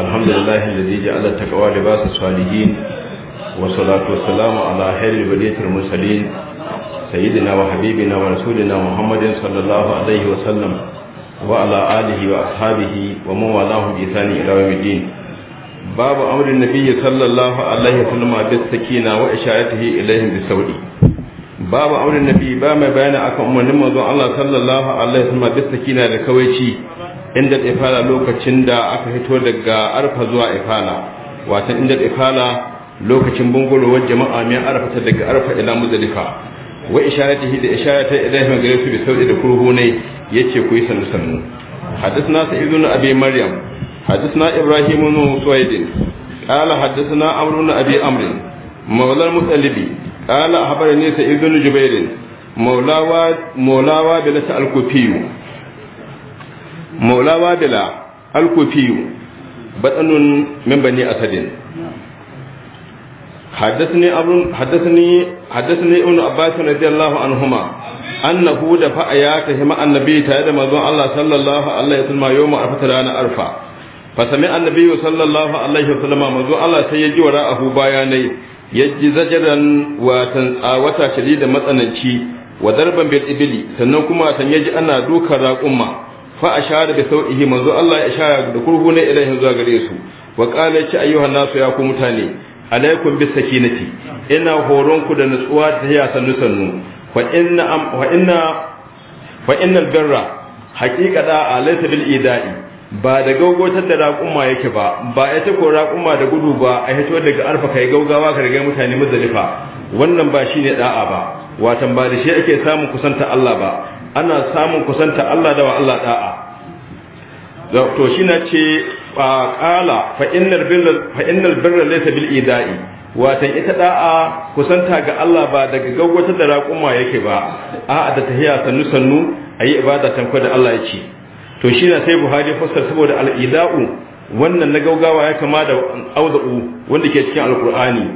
الحمد لله الذي جعل التقوى لباس الصالحين والصلاة والسلام على خير بلية المرسلين سيدنا وحبيبنا ورسولنا محمد صلى الله عليه وسلم وعلى آله وأصحابه ومن والاه بإحسان إلى يوم الدين باب أمر النبي صلى الله عليه وسلم بالسكينة وإشارته إليهم بالسوري باب أمر النبي بما بيان أكم من الله صلى الله عليه وسلم بالسكينة لكويشي inda ifala lokacin da aka fito daga arfa zuwa ifala watan inda ifala lokacin bungulowar jama'a mai arfa ta daga arfa ila muzdalifa wa isharatihi da isharata ibrahim gare su bi sauki da kurhu ne yace ku yi sanu sanu hadithna sa'id ibn abi maryam hadithna ibrahim ibn suwaid qala hadithna amr ibn abi amr مولى المطلب قال أخبرني سعيد بن جبير مولاوا مولاوا بلس الكوفي maula wadila alkufiyu batsanun min bani asadin حدثني أبن حدثني حدثني ابن عباس رضي الله عنهما أنه دفع ياتهما النبي تعالى مزون الله صلى الله عليه وسلم يوم عرفة رانا عرفة فسمع النبي صلى الله عليه وسلم مزون الله سيجي وراءه بياني يجي زجرا وتنساوة شديدة مثلا شي وضربا بالإبل سنوكما سنجي أنا دوكا راقما fa ashara bi sau'ihi manzo Allah ya ishara da kurhu ne ilahin zuwa gare su wa qala ya ayyuhan nasu ya ku mutane alaikum bis sakinati ina horonku da nutsuwa ta ya sannu sannu fa inna fa inna fa innal birra haqiqa da alaysa bil ida'i ba da gaugotar da raƙuma yake ba ba ya ta ko raƙuma da gudu ba a hito daga arfa kai gaugawa ka rage mutane muzdalifa wannan ba shine da'a ba watan ba da shi ake samun kusanta Allah ba ana samun kusanta Allah da wa Allah da'a to shi na ce fa qala fa innal birra fa innal birra bil ida'i watan ita da'a kusanta ga Allah ba daga gaggwata da raƙuma yake ba a'a da tahiya sannu sannu a yi ibada tanko da Allah yake to shi na sai Buhari fassar saboda al wannan na gaugawa ya kama da auza'u wanda ke cikin alqur'ani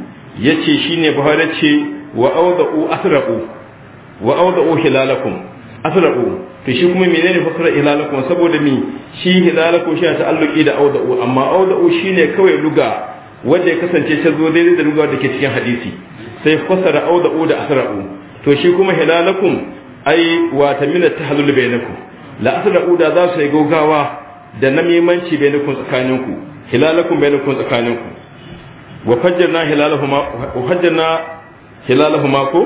yace shine Buhari ce wa auza'u asraqu wa auza'u hilalakum asalahu to shi kuma menene fasara ilalakum saboda mi shi hilalakum shi ta alluki da auda'u amma auda'u shine kawai luga wanda ya kasance ta zo daidai da luga da ke cikin hadisi sai fasara auda'u da asalahu to shi kuma hilalakum ai wa tamina tahlul bainakum la asalahu da za su yi gogawa da namimanci bainakum tsakaninku hilalakum bainakum tsakaninku wa fajjarna hilalahuma wa fajjarna hilalahuma ko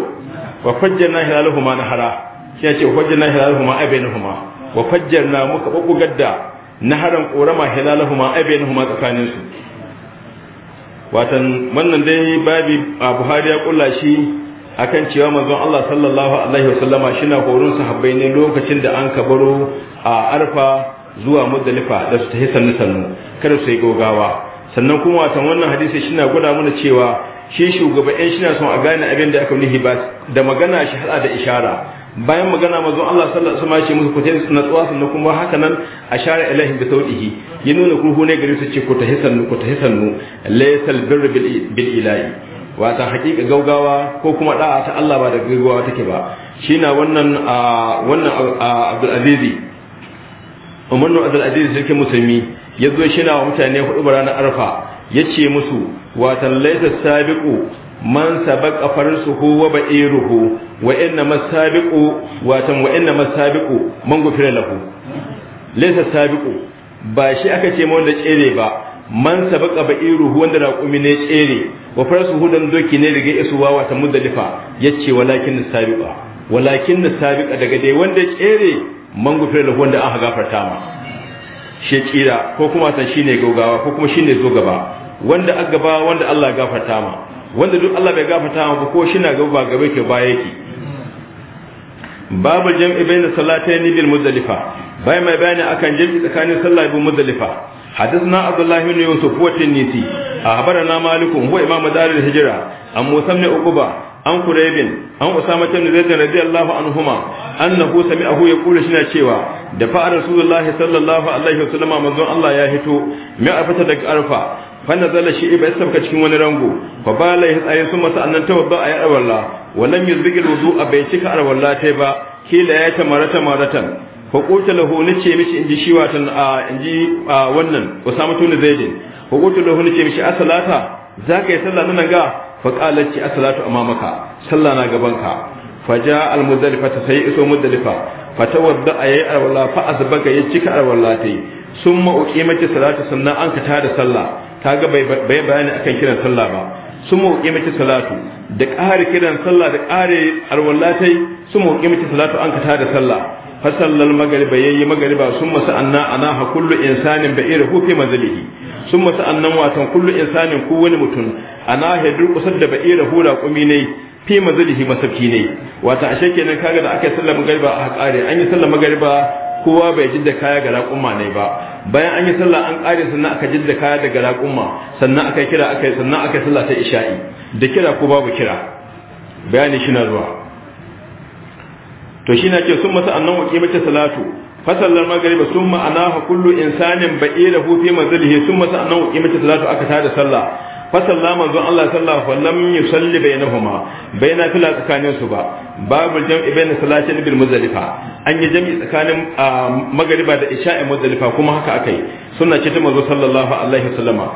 wa fajjarna hilalahuma nahara sai ya ce fajjarna hilalahuma abainahuma wa fajjarna muka bubugar da naharan korama hilalahuma abainahuma tsakanin su watan wannan dai babi a Buhari ya kulla shi akan cewa manzon Allah sallallahu alaihi shi shina horon sahabbai ne lokacin da an kabaro a Arfa zuwa Muzdalifa da su tahi sannu sannu kada su yi gogawa sannan kuma watan wannan hadisi shina gwada mana cewa shi shugaba ɗan shina son a gane abin da aka nuhi ba da magana shi hada da ishara bayan magana mazan Allah sallallahu alaihi wasallam musu ku sunna natsuwa sunna kuma haka nan ashara ilahi bi saudihi ya nuna kurhu ne gare su ce ku tafi sannu ku tafi sannu laysal birr bil ilahi wata haƙiƙa gaugawa ko kuma da'a ta Allah ba da gaugawa take ba shi na wannan wannan Abdul Aziz Umar Abdul Aziz Sarki musulmi ya zo shi na wa mutane hudu barana Arfa ya ce musu wata laysas sabiqu man sabaqa farsuhu wa ba'iruhu wa inna masabiqu wa tan wa inna masabiqu man gufira lahu laysa sabiqu ba shi aka ce wanda tsere ba man sabaqa ba'iruhu wanda raqumi ne tsere wa farsuhu dan doki ne riga isuwa wa tan mudalifa yace walakin sabiqa walakin sabiqa daga dai wanda tsere man gufira lahu wanda aka gafarta ma shi tsira ko kuma san shine gaugawa ko kuma shine zo gaba wanda aka gaba wanda Allah gafarta ma wanda duk Allah bai gafata ba ko shi na gaba gaba ke ba yake babu jam'i bayan salatayn bil muzdalifa bai mai bayani akan jam'i tsakanin sallah bil muzdalifa hadithna abdullah ibn yusuf wa tinisi ahbarana malikum wa imam dar al hijra am musam ne uquba an kurebin an usama ibn zaid radiyallahu anhuma annahu sami'ahu yaqulu shina cewa da fa rasulullahi sallallahu alaihi wasallam manzon Allah ya hito mai arfata daga arfa fanna zalla shi ibai sabka cikin wani rango fa balai ya tsaye sun masa annan tawaddu a yar walla walam yuzbigil wudu a bai cika ar walla tai ba kila ya marata maratan fa qulta lahu ce mishi inji shi watan a inji wannan usama tun zaidin fa qulta lahu ce mishi asalata zaka yi sallah nan ga fa qalat ci asalatu amamaka sallah na gaban ka. fa jaa al muzdalifa sai iso muzdalifa fa tawaddu a yar walla fa asbaka ya cika ar walla tai summa uqimati salatu sannan an ka da sallah kaga bai bai bayani akan kiran sallah ba sun mauƙi mace salatu da ƙare kiran sallah da ƙare arwallatai sun mauƙi mace salatu an ka tada sallah fasallal magariba yayi magariba sun sa'anna ana ha kullu insanin ba ira fi mazalihi sun sa'annan annan watan kullu insanin ko wani mutum ana ha durƙusar da ba ira hura kumi ne fi mazalihi masabki ne wata ashe kenan kaga da aka yi sallar magariba a ƙare an yi sallar magariba kowa bai jidda kaya ga raƙumma ne ba bayan an yi sallah an ƙare sannan aka jidda kaya daga raƙumma sannan aka kira aka yi sannan aka sallah ta isha'i da kira ko babu kira bayani shi na zuwa to shi na ce sun masa annan waƙi mace salatu fasallar magariba sun ma'ana ha kullu insanin ba'ilahu fi manzilihi sun masa annan waƙi mace salatu aka tada sallah Fasal fasalla manzon Allah sallallahu alaihi wasallam yusalli bainahuma baina fila tsakanin su ba babu jam'i baina salatin bil muzdalifa an yi jam'i tsakanin magariba da isha'i muzdalifa kuma haka akai sunna ce ta manzo sallallahu alaihi wasallama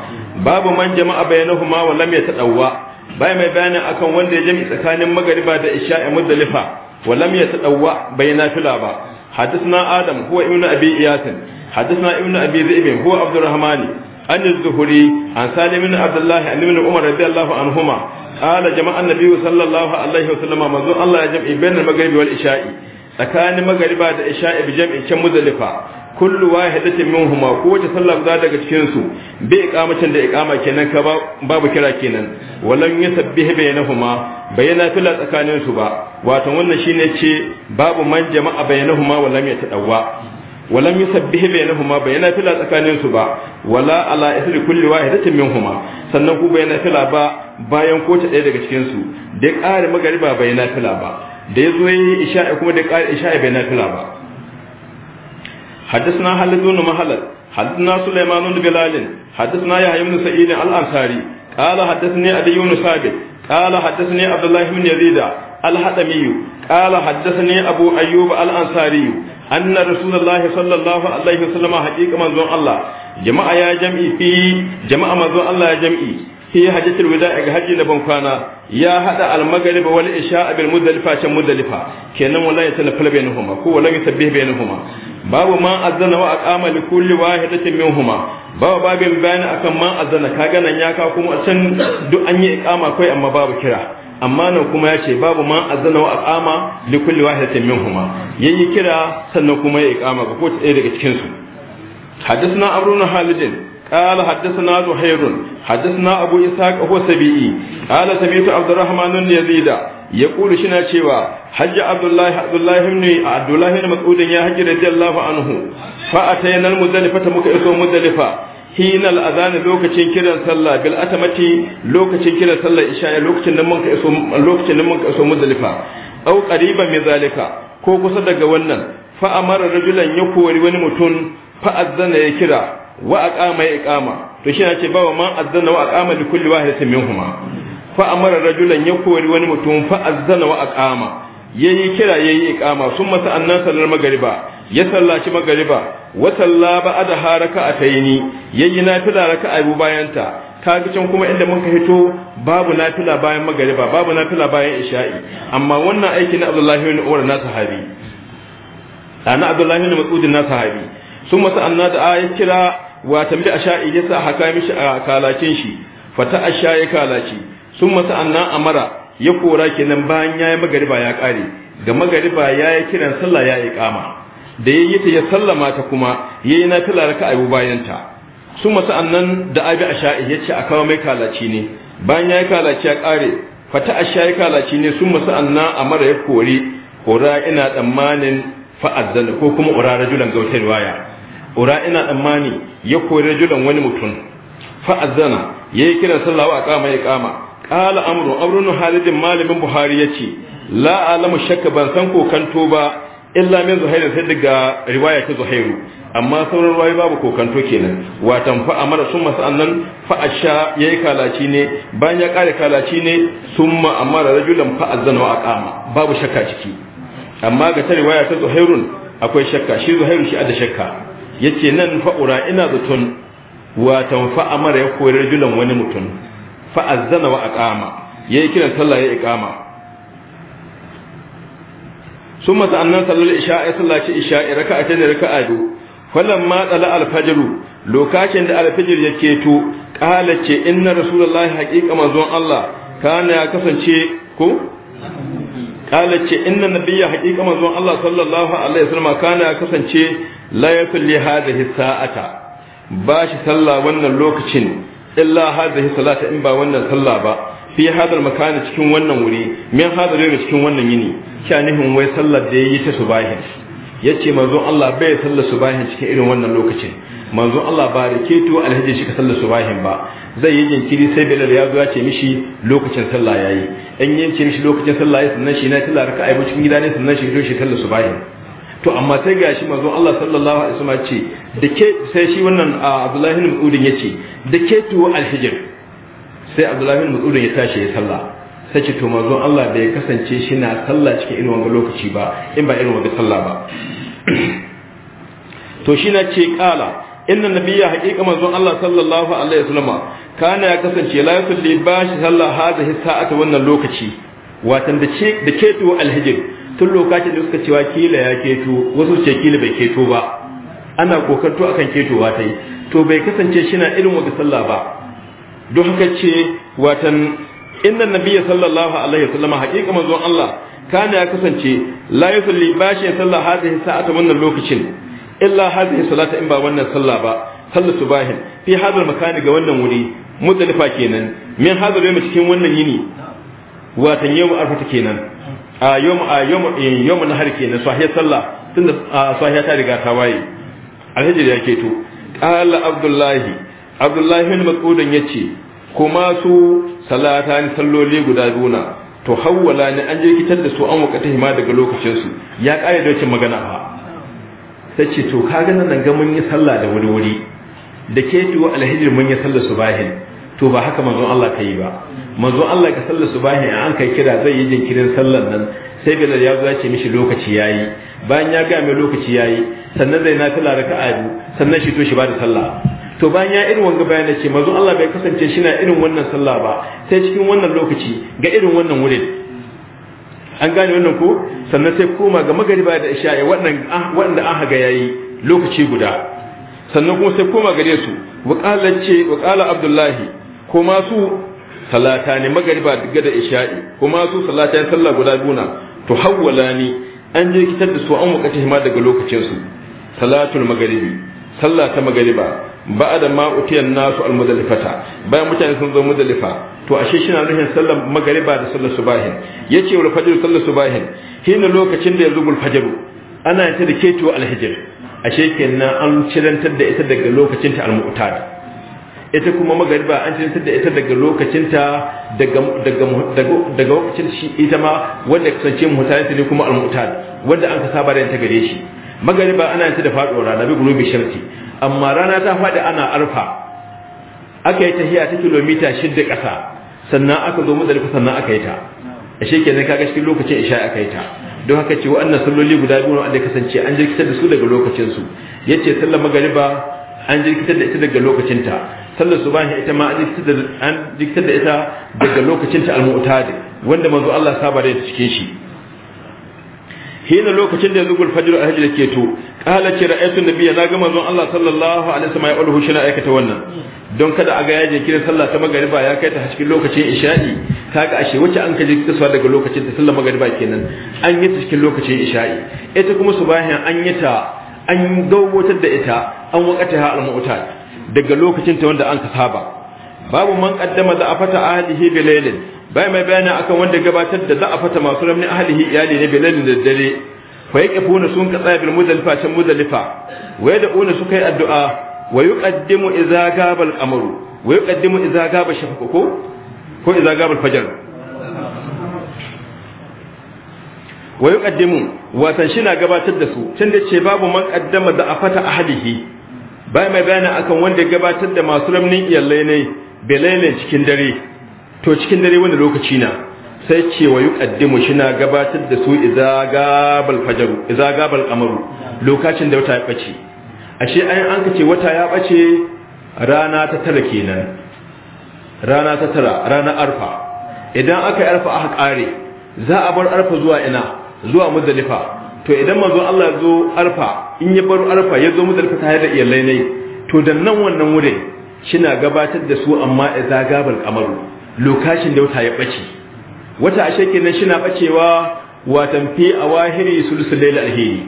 babu man jama'a bainahuma wa lam yatadawwa bai mai bayanin akan wanda ya jam'i tsakanin magariba da isha'i muzdalifa wa lam yatadawwa baina fila ba حدثنا آدم هو ابن أبي إياس حدثنا ابن أبي ذئب هو عبد الرحمن عن الزهري عن سالم بن عبد الله عن ابن عمر رضي الله عنهما قال جماعة النبي صلى الله عليه وسلم منذ الله جمع بين المغرب والعشاء tsakanin magariba da isha'i bi jam'in can muzalifa kullu wahidatin minhuma ko wace sallah guda daga cikin su bi iqamatin da iqama kenan ka babu kira kenan walan yusabbih bainahuma bayana fila tsakanin su ba wato wannan shine ce babu man jama'a bainahuma walam yatadawwa walam yusabbihu bainahuma bai yana fila tsakanin su ba wala ala isri kulli wahidatin minhuma sannan ku bai yana fila ba bayan ko ta daga cikin su da ƙari magariba bai yana fila ba da ya zo isha'i kuma da ƙari isha'i bai yana fila ba حدثنا خالد بن مهلل حدثنا سليمان بن بلال حدثنا يحيى بن سعيد الأنصاري قال حدثني أبي بن ثابت قال حدثني عبد الله al يزيد الحتمي قال حدثني أبو أيوب الأنصاري anna rasulullahi sallallahu alaihi wasallam haqiqa manzon Allah jama'a ya jam'i fi jama'a manzon Allah ya jam'i fi hajjatul wada'i ga hajji da bankwana ya haɗa al-maghrib wal isha bil muzdalifa can muzdalifa kenan wallahi ta nafila bainahuma ko wallahi tabbih bainahuma babu ma azana wa aqama li kulli wahidatin minhuma babu babin bayani akan ma azana kaga nan ya ka kuma can duk an yi iqama kai amma babu kira amma nan kuma ya ce babu man azana wa aqama li kulli wahidatin minhuma yayi kira sannan kuma ya iqama ga kowace daga cikin su حدثنا abrun halidin خالد قال حدثنا زهير حدثنا ابو اسحاق هو سبيعي قال سمعت عبد الرحمن بن يزيد يقول شنا cewa حج عبد الله عبد الله بن عبد الله بن مسعود يا حج رضي الله عنه فاتينا المزدلفه muka iso muzdalifa Hina azana lokacin kiran sallah bil atamati lokacin kiran sallah isha lokacin nan mun ka iso lokacin nan muka iso muzdalifa aw qariban min zalika ko kusa daga wannan fa amara rajulan ya kori wani mutum fa azana ya kira wa aqama ya iqama to shi ce bawa man azana wa aqama li kulli wahidatin minhumma fa amara rajulan ya kori wani mutum fa azana wa aqama yayi kira yayi iqama sun masa annan sallar magariba ya sallaci magariba wa salla da haraka a ataini yayi nafila a biyu bayan ta kaga can kuma inda muka hito babu nafila bayan magariba babu nafila bayan isha'i amma wannan aiki na Abdullahi bin Umar na sahabi ana Abdullahi bin Mas'ud na sahabi sun masa annan da ya kira wa tambi ya sa haka mishi a kalakin shi fata ya kalaci sun masa annan amara ya kora kenan bayan yayi magariba ya kare da magariba yayi kiran sallah ya kama da yayi ta ya sallama ta kuma yayi nafila raka'a bayan ta su sa'annan da abi asha'i yace a kawo mai kalaci ne bayan yayi kalaci ya kare fata asha'i kalaci ne sun sa'annan amara ya kore kora ina tsammanin fa'azzan ko kuma ura rajulan gautar waya ura ina tsammani ya kore rajulan wani mutum ya yayi kiran sallah wa kama ya kama قال amru امر halidin malamin buhari yace بخاري يتي shakka ban san kokanto ba illa min zuhairu daga riwaya ta zuhairu amma sauran اما babu kokanto kenan watan fa amara summa sa'annan fa asha yayi kalaci ne bayan ya kare kalaci ne summa amara rajulan fa azana wa aqama babu shakka ciki amma ga ta riwaya ta akwai shakka shi zuhairu shi ada shakka yace nan fa ina zaton watan tanfa amara ya koyi rajulan wani mutum fa azzana wa aqama yayi kiran sallah ya iqama summa sa'annan sallal isha'i sallaci isha'i raka'atayn raka'atu falamma tsala al-fajr lokacin da al-fajr ya keto qala ce inna rasulullahi haqiqa manzon Allah kana ya kasance ko qala ce inna nabiyya haqiqa manzon Allah sallallahu alaihi wasallam kana ya kasance la yusalli hadhihi sa'ata shi sallah wannan lokacin illa hadhihi salata in ba wannan sallah ba fi hadal makani cikin wannan wuri min hadal yau cikin wannan yini shanihin wai sallar da yayi ta subahin yace manzo Allah bai sallar subahin cikin irin wannan lokacin manzo Allah ba to alhaji shi ka sallar subahin ba zai yi jinkiri sai Bilal ya zo ya ce mishi lokacin sallah yayi in yin ce mishi lokacin sallah yayi sannan shi na sallar raka'a ba cikin gida sannan shi to shi sallar subahin to amma sai ga shi mazo Allah sallallahu alaihi wasallam ce da ke sai shi wannan Abdullahi bin Mas'ud ya ce da ke tuwo alhijr sai Abdullahi bin Mas'ud ya tashi ya sallah sai ce to mazo Allah bai kasance shi na sallah cikin irin wannan lokaci ba in ba irin wannan sallah ba to shi na ce kala inna nabiyya haqiqa mazo Allah sallallahu alaihi wasallam kana ya kasance la yusalli bashi sallah hadhihi sa'ata wannan lokaci watan da ke da ke to alhijr tun lokacin da suka cewa kila ya keto wasu ce kila bai keto ba ana kokarto akan ketowa ta yi to bai kasance shi na irin wata sallah ba don haka ce watan inda nabiya sallallahu alaihi wasallam haƙiƙa manzon Allah kana ya kasance la yusalli shi sallah hadin sa'ata wannan lokacin illa hadin salata in ba wannan sallah ba sallar subahin fi hadal makani ga wannan wuri muzdalifa kenan min hadal yau cikin wannan yini watan yau arfa kenan a yom a yom eh, yom na harke na sahiya sallah da sahiya ta riga ta waye alhijir ya keto qala abdullahi abdullahi bin yace kuma su salata ni salloli guda duna to hawwala ne an je jirkitar da su an wakata hima daga lokacin su ya kare da wacce magana fa sai ce to kaga nan ga mun yi sallah da wuri wuri da ke tuwa alhijir mun yi sallah subahin to ba haka manzon Allah ka yi ba manzon Allah ka sallar subahi an kai kira zai yi jinkirin sallan nan sai bilal ya zo ya ce mishi lokaci yayi bayan ya ga mai lokaci yayi sannan zai na tala raka'a biyu sannan shi to shi ba da sallah to bayan ya irin wanga bayan ce manzon Allah bai kasance shi na irin wannan sallah ba sai cikin wannan lokaci ga irin wannan wurin an gane wannan ko sannan sai koma ga magariba da isha'i wannan ah, wanda an haga yayi lokaci guda sannan kuma sai koma gare su wakala ce wakala abdullahi kuma su salata ne magariba daga da isha'i kuma su salata ya sallah guda biyu na to hawwala ni an je kitar da su an wakace hima daga lokacin su salatul magaribi sallah ta magariba da ma utiyan nasu al mudallifata bayan mutane sun zo mudallifa to ashe shi na nufin sallar magariba da sallar subahin yace wal fajr sallar subahin hina lokacin da yanzu gul fajr ana ta da keto al hijr ashe kenan an cirantar da ita daga lokacin ta al mu'tada ita kuma magariba an ce da ita daga lokacinta daga daga lokacin shi ita ma wanda kasance mutane ne kuma almutad wanda an ka saba da ta gare shi magariba ana yin ta da faɗo rana bi gurubi sharti amma rana ta faɗi ana arfa aka yi tahiya ta kilomita shidda ƙasa sannan aka zo mu muzdalifa sannan aka yi ta ashe kenan kaga cikin lokacin isha aka yi ta don haka ce wa'annan salloli guda biyu wanda kasance an jirkitar da su daga lokacin su yace sallar magariba an jirkitar da ita daga lokacinta sallar subahi ita ma an jirkitar da ita daga lokacinta al-mu'tadi wanda manzo Allah saba da cikin shi hina lokacin da yanzu gulfajir alhaji da ke to kala ce ra'aytu nabiyya na ga Allah sallallahu alaihi wasallam ya ulhu shina aikata wannan don kada a ga yaje kiran sallah ta magriba ya kai ta cikin lokacin isha'i kaga ashe wacce an kaje kasuwa daga lokacin ta sallar magriba kenan an yi cikin lokacin isha'i ita kuma subahin an yi ta an gawotar da ita an wakata ha al-mu'tad daga lokacin ta wanda an ka saba babu man qaddama da afata ahlihi bilailin bai mai bayani akan wanda gabatar da za'afata masu ramni ahlihi iyali ne bilailin da dare fa yaqifuna sun ka tsaya bil muzalifa can muzalifa wa yad'una su kai addu'a wa yuqaddimu idza gaba al-amru wa yuqaddimu idza gaba shafaqu ko ko idza gaba al-fajr wa yuqaddimu watan shi na gabatar da su Tunda da ce babu man qaddama da afata ahlihi bai mai bayani akan wanda ya gabatar da masu ramnin iyalai ne belele cikin dare to cikin dare wani lokaci na sai ce wa yuqaddimu shi na gabatar da su idza gabal fajaru idza gabal lokacin da wata ya bace ashe ayin an kace wata ya bace rana ta tara kenan rana ta tara rana arfa idan aka yi arfa aka kare za a bar arfa zuwa ina zuwa muzdalifa to idan manzo Allah ya zo arfa in ya bar arfa ya zo muzdalifa tare da iyalai ne to dan nan wannan wuri kina gabatar da su amma idza gabal qamaru lokacin da wata ya bace wata ashe kenan na bacewa watan tanfi awahiri sulusul layl alheri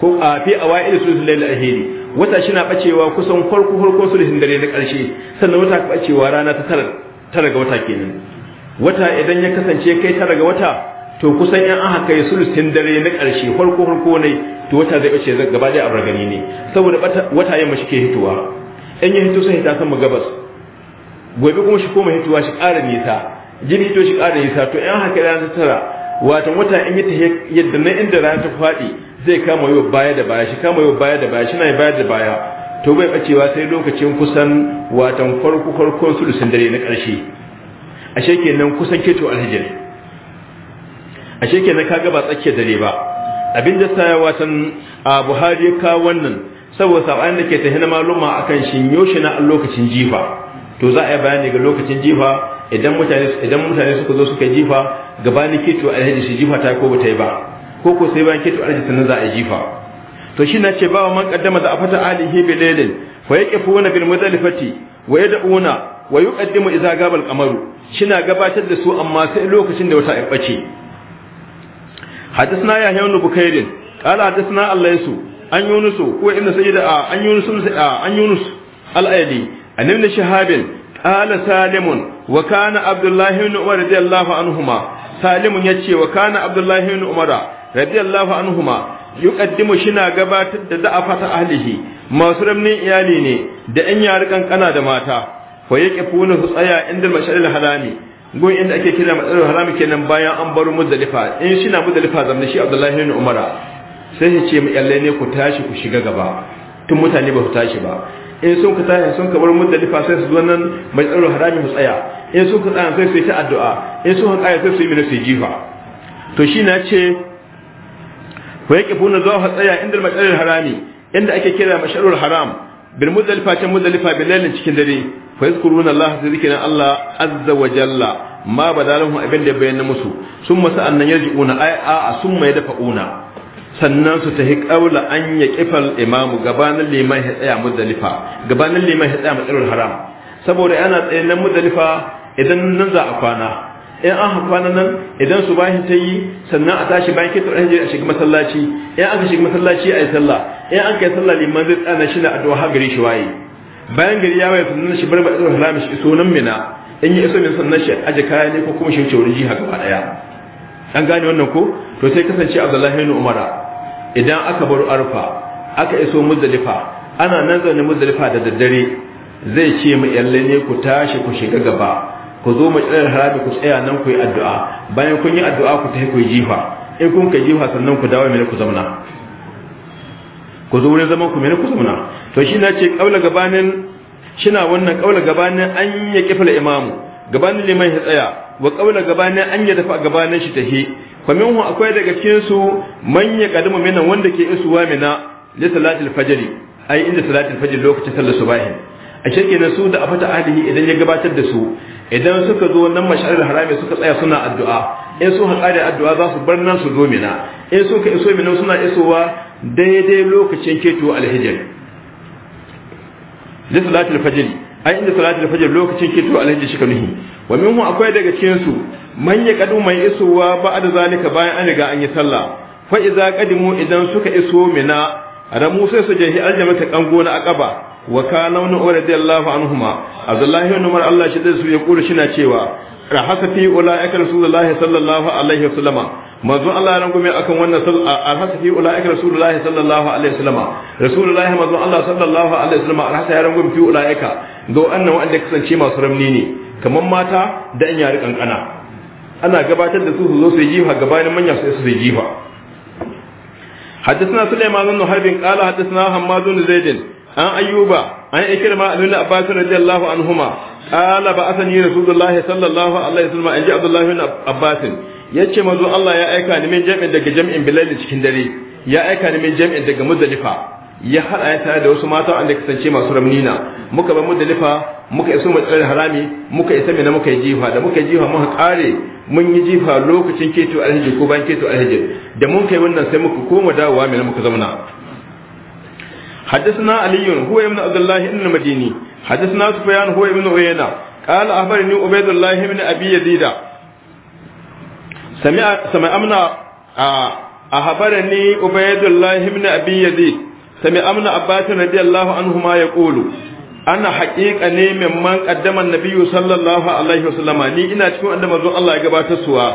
ko a fi awahiri sulusul layl alheri wata na bacewa kusan farko farko sulusin dare na karshe sannan wata bacewa rana ta tara tara ga wata kenan wata idan ya kasance kai tara ga wata to kusan yan aka kai sulusin dare na ƙarshe farko farko ne to wata zai bace gaba ɗaya a gani ne saboda wata yamma shi ke hitowa in ya hito sai ta sama gabas gobe kuma shi koma hitowa shi ƙara nisa jin hito shi ƙara nisa to yan haka rana ta tara watan wata in yi yadda na inda rana ta faɗi zai kama yau baya da baya shi kama yau baya da baya shi na baya da baya to bai bacewa sai lokacin kusan watan farko farkon sulusin dare na ƙarshe ashe kenan kusan keto alhijir ashe kenan kaga ba tsakiyar dare ba abin da sa wasan a buhari ka wannan saboda sabanin da ke ta na maluma akan shin yoshi na lokacin jifa to za a yi bayani ga lokacin jifa idan mutane idan mutane suka zo suka jifa gabanin keto alhaji shi jifa ta ko bata yi ba ko ko sai bayan keto alhaji sannan za a jifa to shi na ce ba man kaddama da afata alihi bi lailin fa yaqifuna bil mudallifati wa yad'una wa yuqaddimu idza gabal qamaru shina gabatar da su amma sai lokacin da wata ya bace hadisna ya hayyan bukairin qala hadisna allaisu an yunusu ko inna sayyida an yunusu an yunus al aidi an ibn shahabin qala salimun wa kana abdullahi ibn umar radiyallahu anhuma salimun yace wa kana abdullahi ibn umar radiyallahu anhuma yuqaddimu shina gabatar da da'afata ahlihi masu ramnin iyali ne da yan yarukan kana da mata fa yaqifuna su tsaya inda mashalil harami gun inda ake kira masharil harami kenan bayan an bar muzdalifa in shi na muzdalifa zamna shi abdullahi ibn umara sai shi ce mu yalle ne ku tashi ku shiga gaba tun mutane ba su tashi ba in sun ka tashi sun ka bar muzdalifa sai su zo nan masharil harami mu tsaya in sun ka tsaya sai su yi ta addu'a in sun ka tsaya sai su yi mina su jifa to shi na ce fa funa zuwa tsaya inda mashalil harami inda ake kira mashalil haram bil muzdalifa ta muzdalifa bil lailin cikin dare fa yazkuruna Allah sai Allah azza wa jalla ma badalahu abin da bayyana musu summa sa'annan yarji'una ay a dafa una. sannan su tahi qaula an yaqifal imam gabanin liman ya tsaya muzdalifa gabanin liman ya tsaya matsalar haram saboda yana tsaye nan idan nan za a kwana in an hakwana nan idan su bashi ta yi sannan a tashi bayan kitar hajji a shiga masallaci in aka shiga masallaci a yi sallah in an kai sallah liman zai tsana shi na addu'a har gari shi waye bayan gari ya waye sannan shi bar ba ido halami shi iso nan mina in yi iso min sannan shi aje kaya ne ko kuma shi wuce wurin jiha gaba daya an gane wannan ko to sai kasance abdullahi bin umara idan aka bar arfa aka iso muzdalifa ana nan zaune muzdalifa da daddare zai ce mu yalle ne ku tashi ku shiga gaba ku zo mashirar harami ku tsaya nan ku yi addu'a bayan kun yi addu'a ku tafi ku yi jifa in kun ka jifa sannan ku dawo mai ku zauna ku zo wurin zaman ku mai ku zauna to shi na ce kaula gabanin shina wannan kaula gabanin an ya kifla imamu gabanin liman ya tsaya wa kaula gabanin an ya dafa gabanin shi tahi kwamin hu akwai daga cikin su man ya mina wanda ke isuwa mina li salatil fajri ai inda salatil fajr lokacin sallar subahi a shirke na su da afata alihi idan ya gabatar da su idan suka zo nan mashar harami suka tsaya suna addu'a in sun haƙa da addu'a za su bar nan su zo mina in suka iso mina suna isowa daidai lokacin keto alhijir da salatul fajr ai inda salatul fajr lokacin keto alhijir shi kanuhi wa minhu akwai daga cikin su man ya kadu mai isowa ba da zalika bayan an riga an yi sallah fa iza qadimu idan suka iso mina ramu sai su jahi ta kango na akaba wa kana ibn umar radiyallahu anhuma abdullahi ibn umar Allah shi zai su ya kula shi na cewa rahasa fi ulaika rasulullahi sallallahu alaihi wasallama manzo Allah ran gume akan wannan alhasa fi ulaika rasulullahi sallallahu alaihi wasallama rasulullahi manzo Allah sallallahu alaihi wasallama alhasa ya ran gume fi ulaika do annan wanda kasance masu ramni ne kaman mata da an yari kankana ana gabatar da su su zo su yi jifa gabanin manya su su yi jifa حدثنا سليمان بن حرب قال حدثنا حماد بن زيد an ayyuba an ikrima ibn abbas radiyallahu anhuma qala ba'athani rasulullahi sallallahu alaihi wasallam anji abdullahi ibn abbas yace manzo Allah ya aika ni min jami'in daga jami'in bilal cikin dare ya aika ni min jami'in daga muzdalifa ya hada ya tare da wasu mata wanda kasance masu ramnina muka bar muzdalifa muka iso mu tsare harami muka isa mina muka yi jifa da muka yi jifa muka kare mun yi jifa lokacin keto alhaji ko bayan keto alhaji da mun kai wannan sai muka koma dawowa mina muka zauna حدثنا علي هو ابن عبد الله بن المديني حدثنا سفيان هو ابن عيينة قال أخبرني عبيد الله بن أبي يزيد سمع سمع أمنا أخبرني عبيد الله بن أبي يزيد سمع أمنا عباس رضي الله عنهما يقول ana haƙiƙa ne min man ƙaddaman nabiyyu sallallahu alaihi wasallam ni ina cikin wanda manzon Allah ya gabatar suwa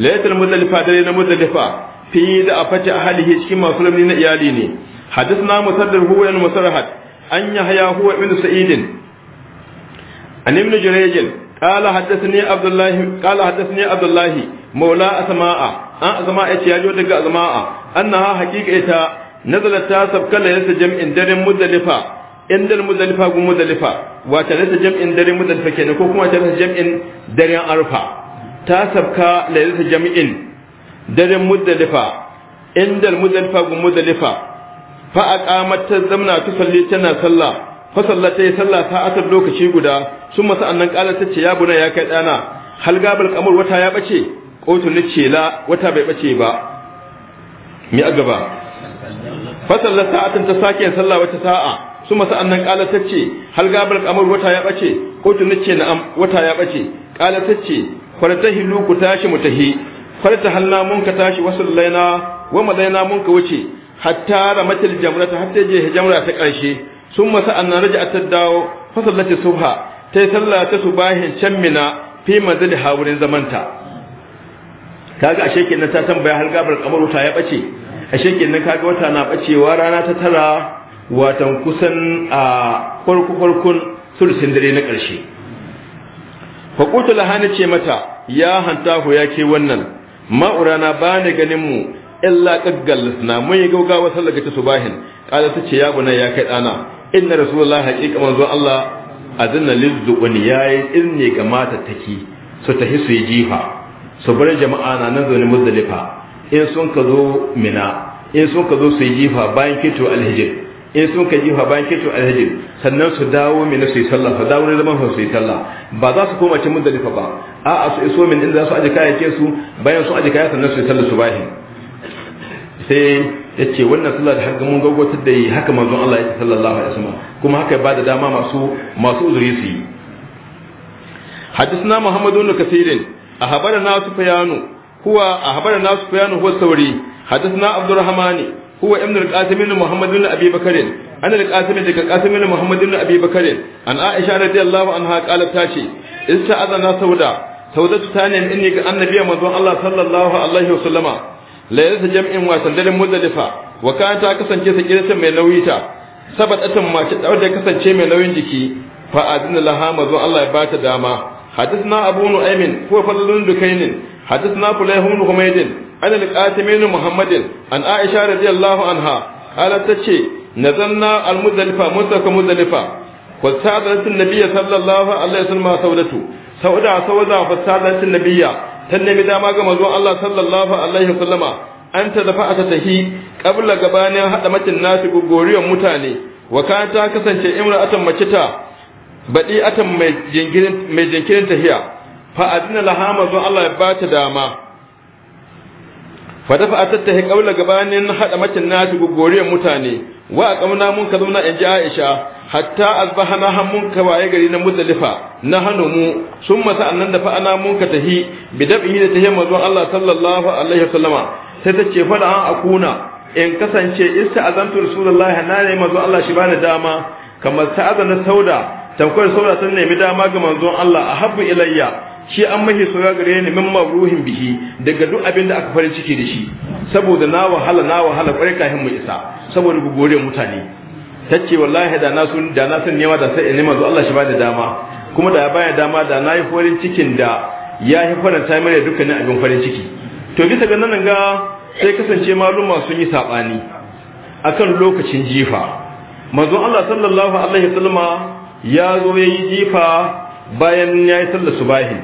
laylatul muzdalifa dare na muzdalifa fi da afati ahlihi cikin masu na iyali ne حدثنا مسدد هو المسرحد أن يحيى هو ابن سعيد عن ابن جريج قال حدثني عبد الله قال حدثني عبد الله مولى أسماء أن أسماء يجو دغ أسماء أنها حقيقة نزلت تاسب كلا يس جمع در مزدلفة عند المزدلفة قوم مزدلفة وتلس جمع در مزدلفة كنا كوكما تلس جمع در عرفة تاسب كلا يس جمع در مزدلفة عند المزدلفة قوم مزدلفة fa a ta zamna ta salli tana sallah fa sallata ya sallah sa'atar lokaci guda sun masa annan kala ta ce ya buna ya kai dana hal gabal kamar wata ya bace qutun ce la wata bai bace ba mi a gaba fa sallata sa'atan ta sake sallah wata sa'a sun masa annan kala ta ce hal gabal kamar wata ya bace qutun ce na'am wata ya bace kala ta ce fartahilu ku tashi mutahi fartahalna mun ka tashi laina wa madaina mun ka wuce hatta ramatil jamrata hatta je jamra ta karshe sun masa annan raja ta dawo fa sallati subha tai sallah ta subahin can mina fi mazali hawurin zamanta kaga ashe kenan ta tambaya har gabar kamar wuta ya bace ashe kenan kaga wata na bacewa rana ta tara watan kusan a farko farkon sulsin dare na karshe fa lahani ce mata ya hantahu ya ke wannan ma'urana bani ganin mu illa qaggal na mun yi gaugawa sallar ta subahin kala ta ce ya bunai ya kai dana inna rasulullahi haqiqa manzo Allah azinna lizzun yayi irne ga mata take su tahi su yi jifa su bar jama'a na nan zaune muzdalifa in sun ka zo mina in sun ka zo su yi jifa bayan keto alhijir in sun ka jifa bayan keto alhijir sannan su dawo mina su yi sallah su dawo ne zaman su yi sallah ba za su koma cin muzdalifa ba a'a su iso min inda za su aje kayayyake su bayan su aje kayan sannan su yi sallah su bahin sai ya ce wannan sallah da haka mun gaggautar da yi haka manzon Allah ya sallallahu alaihi wasallam kuma haka ba da dama masu masu uzuri su yi hadisna muhammad ibn kasir a habara na su fayanu huwa a habara na su fayanu huwa sauri hadisna abdurrahman huwa ibn al-qasim ibn muhammad ibn abi bakr ana al daga qasim ibn muhammad abi bakr an aisha radiyallahu anha qalat ta ce insa azana sauda sauda tsanin inni ga annabi manzon Allah sallallahu alaihi wasallama laysa jam'in wasan dalil mudallifa wa ta kasance sa kirsa mai nauyita sabat kasance mai nauyin jiki fa adina laha mazu Allah ya bata dama hadithna abu nu'aymin huwa fadlun dukainin hadithna kulayhum humaydin an al-qasimin muhammadin an aisha radiyallahu anha qalat tace nazanna al-mudallifa mutaka mudallifa qasadat an-nabiy sallallahu alaihi wasallam sawdatu sawda sawda fa sadat an-nabiy ta nemi dama ga manzon Allah sallallahu alaihi wasallama an ta dafa aka tahi qabla gabanin hada matin nasu gogoriyon mutane wa ka ta kasance imra'atan mace ta badi atan mai jinkirin mai jinkirin tahiya fa adina laha manzon Allah ya bata dama fa dafa ta tahi qabla gabanin hada matin nasu gogoriyon mutane wa aqamna mun kaduna in ji Aisha hatta azbahana hamun ka waye gari na muzdalifa na hanu mu sun masa annan da fa ana mun ka tahi bidabhi da tahi manzon Allah sallallahu alaihi wasallama sai ta ce fada an akuna in kasance ista azantu rasulullahi na ne manzon Allah shi bani dama kamar ta azana sauda tamkar sauda sun nemi dama ga manzon Allah a habbin ilayya shi an mahi soya gare ni min ruhin bihi daga duk abin da aka farin ciki da shi saboda na wahala na wahala kwarai kahin mu isa saboda gugore mutane tace wallahi da na sun da na san nema da sai in nima zo Allah shi bani dama kuma da baya dama da na yi farin cikin da ya yi ta mai dukkanin abin farin ciki to bisa ga nan ga sai kasance maluma sun yi sabani akan lokacin jifa manzo Allah sallallahu alaihi wasallam ya zo yayi jifa bayan ya yi sallar subahi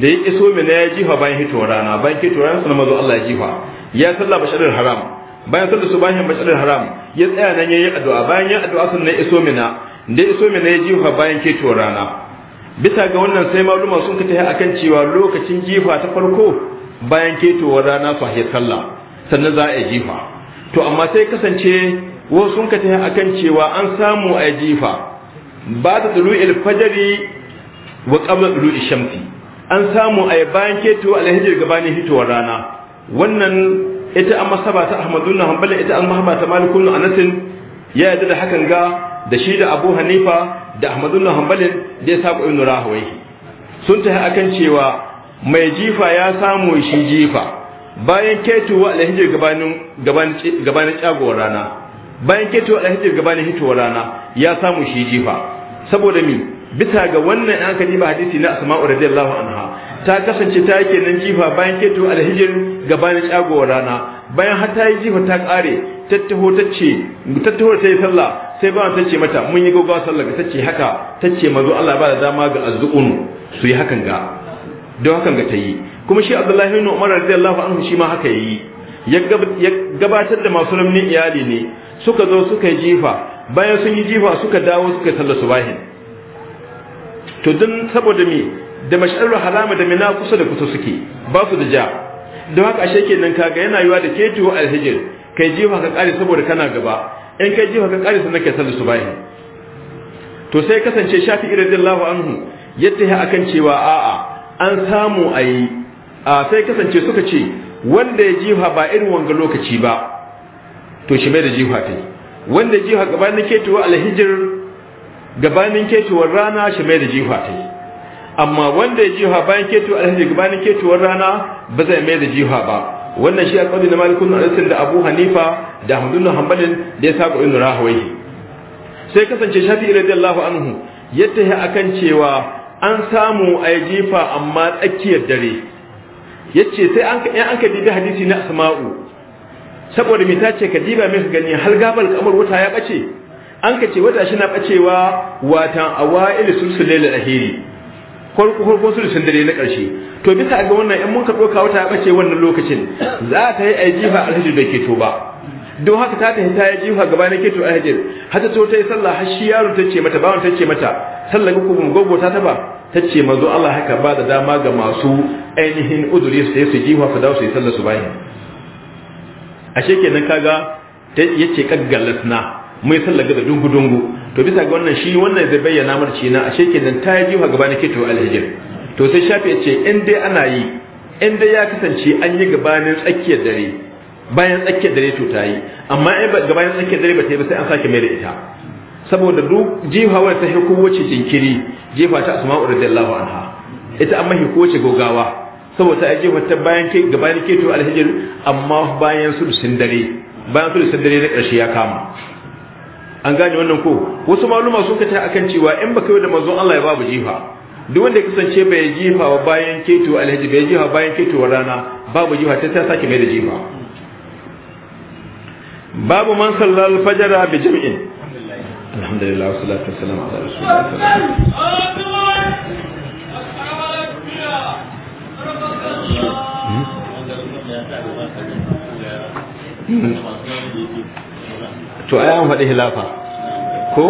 da ya iso na ya jifa bayan hito rana bayan hito rana sannan manzo Allah ya jifa ya sallah haram bayan da sallar subahin mashirin haram ya tsaya nan yi addu'a bayan ya addu'a sun sannan iso mina da iso mina ya jifa bayan ketowar rana bisa ga wannan sai maluma sun ka akan cewa lokacin jifa ta farko bayan ketowar rana su haye sallah sannan za a yi jifa to amma sai kasance wasu sun ka akan cewa an samu a jifa ba da tulu'il fajari wa qabla tulu'i shamsi an samu a bayan ketowar alhijir gabanin hitowar rana wannan ita an masaba ta ahmadu na hanbali ita an mahama ta malikun anasin ya yadda da hakan ga da shi da abu hanifa da ahmadu na hanbali da ya saƙo ibn rahawai sun ta akan cewa mai jifa ya samu shi jifa bayan ketuwa alhijir gabanin gabanin cagowar rana bayan ketuwa alhijir gabanin hitowar rana ya samu shi jifa saboda mi bisa ga wannan an ka diba hadisi na asma'u radiyallahu anha ta kasance ta yake nan jifa bayan keto alhijir gabanin shagowar rana bayan har ta yi jifa ta kare tattaho ta ce tattaho ta yi sallah sai ba ta ce mata mun yi gaggawa sallah ta ce haka ta ce mazo Allah ba da dama ga azzuqun su yi hakan ga don hakan ga ta yi kuma shi Abdullahi ibn Umar radiyallahu anhu shi ma haka yi ya gabatar da masu ramnin iyali ne suka zo suka yi jifa bayan sun yi jifa suka dawo suka sallah subahin to dun saboda me da mashallu halama da mina kusa da kusa suke ba su da ja don haka ashe kenan kaga yana yiwa da ketu alhijr kai jifa ka kare saboda kana gaba in kai jifa ka kare sannan kai sallu subahi to sai kasance shafi'i radiyallahu anhu yattahi akan cewa a'a an samu ayi a sai kasance suka ce wanda ya jifa ba irin wanga lokaci ba to shi bai da jifa ta wanda jifa gabanin ketuwa alhijir gabanin ketuwar rana shi bai da jifa ta amma wanda ya jiha bayan keto alhaji bayan ketowar rana ba zai mai da jiha ba wannan shi alƙawari na malikun alisin da abu hanifa da hamdun hanbalin da ya saba ibn rahawai sai kasance shafi radiyallahu anhu ya tahi akan cewa an samu a jifa amma tsakiyar dare yace sai an an ka da hadisi na asma'u saboda me ce ka diba mai gani har gabal kamar wata ya bace an ka ce wata shi na bacewa watan awail da alheri farko sun dare na ƙarshe to bisa ga wannan in mun ka ɗauka wata ya ɓace wannan lokacin za ta yi a jifa da keto ba don haka ta tafi ta yi jifa gaba na keto alhajir hata to ta yi sallah har shi yaro ta ce mata bawan ta ce mata sallah ku mu gogo ta taba ta ce mazo Allah haka ba da dama ga masu ainihin uzuri su yi su jifa su dawo su yi sallah su bayan ashe kenan kaga yace kaggalasna mai sallaga da dungu dungu to bisa ga wannan shi wannan zai bayyana mana cewa ashe kenan ta yi jiwa gabanin kito alhijir to sai shafi ya ce in dai ana yi in dai ya kasance an yi gabanin tsakiyar dare bayan tsakiyar dare to ta yi amma in gabanin tsakiyar dare ba ta yi ba sai an sake mai da ita saboda duk jifa wani ta hirko wace jinkiri jifa ta asma'u radiyallahu anha ita amma hirko wace gogawa saboda ai jifa ta bayan ke gabanin keto alhijir amma bayan sulusin dare bayan sulusin dare na ƙarshe ya kama an gane wannan ko wasu maluma sun kace akan cewa in ba kai da manzon Allah ya babu jifa duk wanda ya kasance bai jifa ba bayan keto alhaji bai jifa bayan keto rana babu jifa ta ta saki mai da jifa babu man sallal fajr bi jam'in alhamdulillah wassalatu wassalamu ala rasulillah to ai an faɗi hilafa ko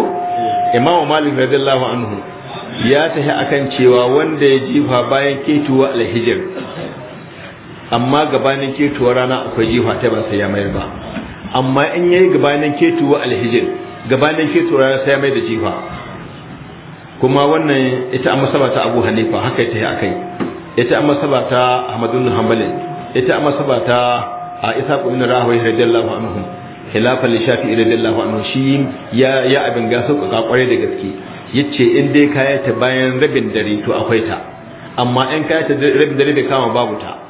imam malik radiyallahu anhu ya tafi akan cewa wanda ya jifa bayan ketuwa alhijir amma gabanin ketuwa rana akwai jifa ta ba sai ya mayar ba amma in yayi gabanin ketuwa alhijir gabanin ketuwa rana sai ya mai da jifa kuma wannan ita amma sabata ta abu hanifa haka ta yi a kai ita amma sabata ta ahmadu hanbalin ita a masaba ta a isa ibn rahawai radiyallahu anhu khilafan li shafi'i radiyallahu anhu shi ya ya abin ga su ka kware da gaske yace in dai kayata bayan rabin dare to akwai ta amma in kaya rabin dare da kama babu ta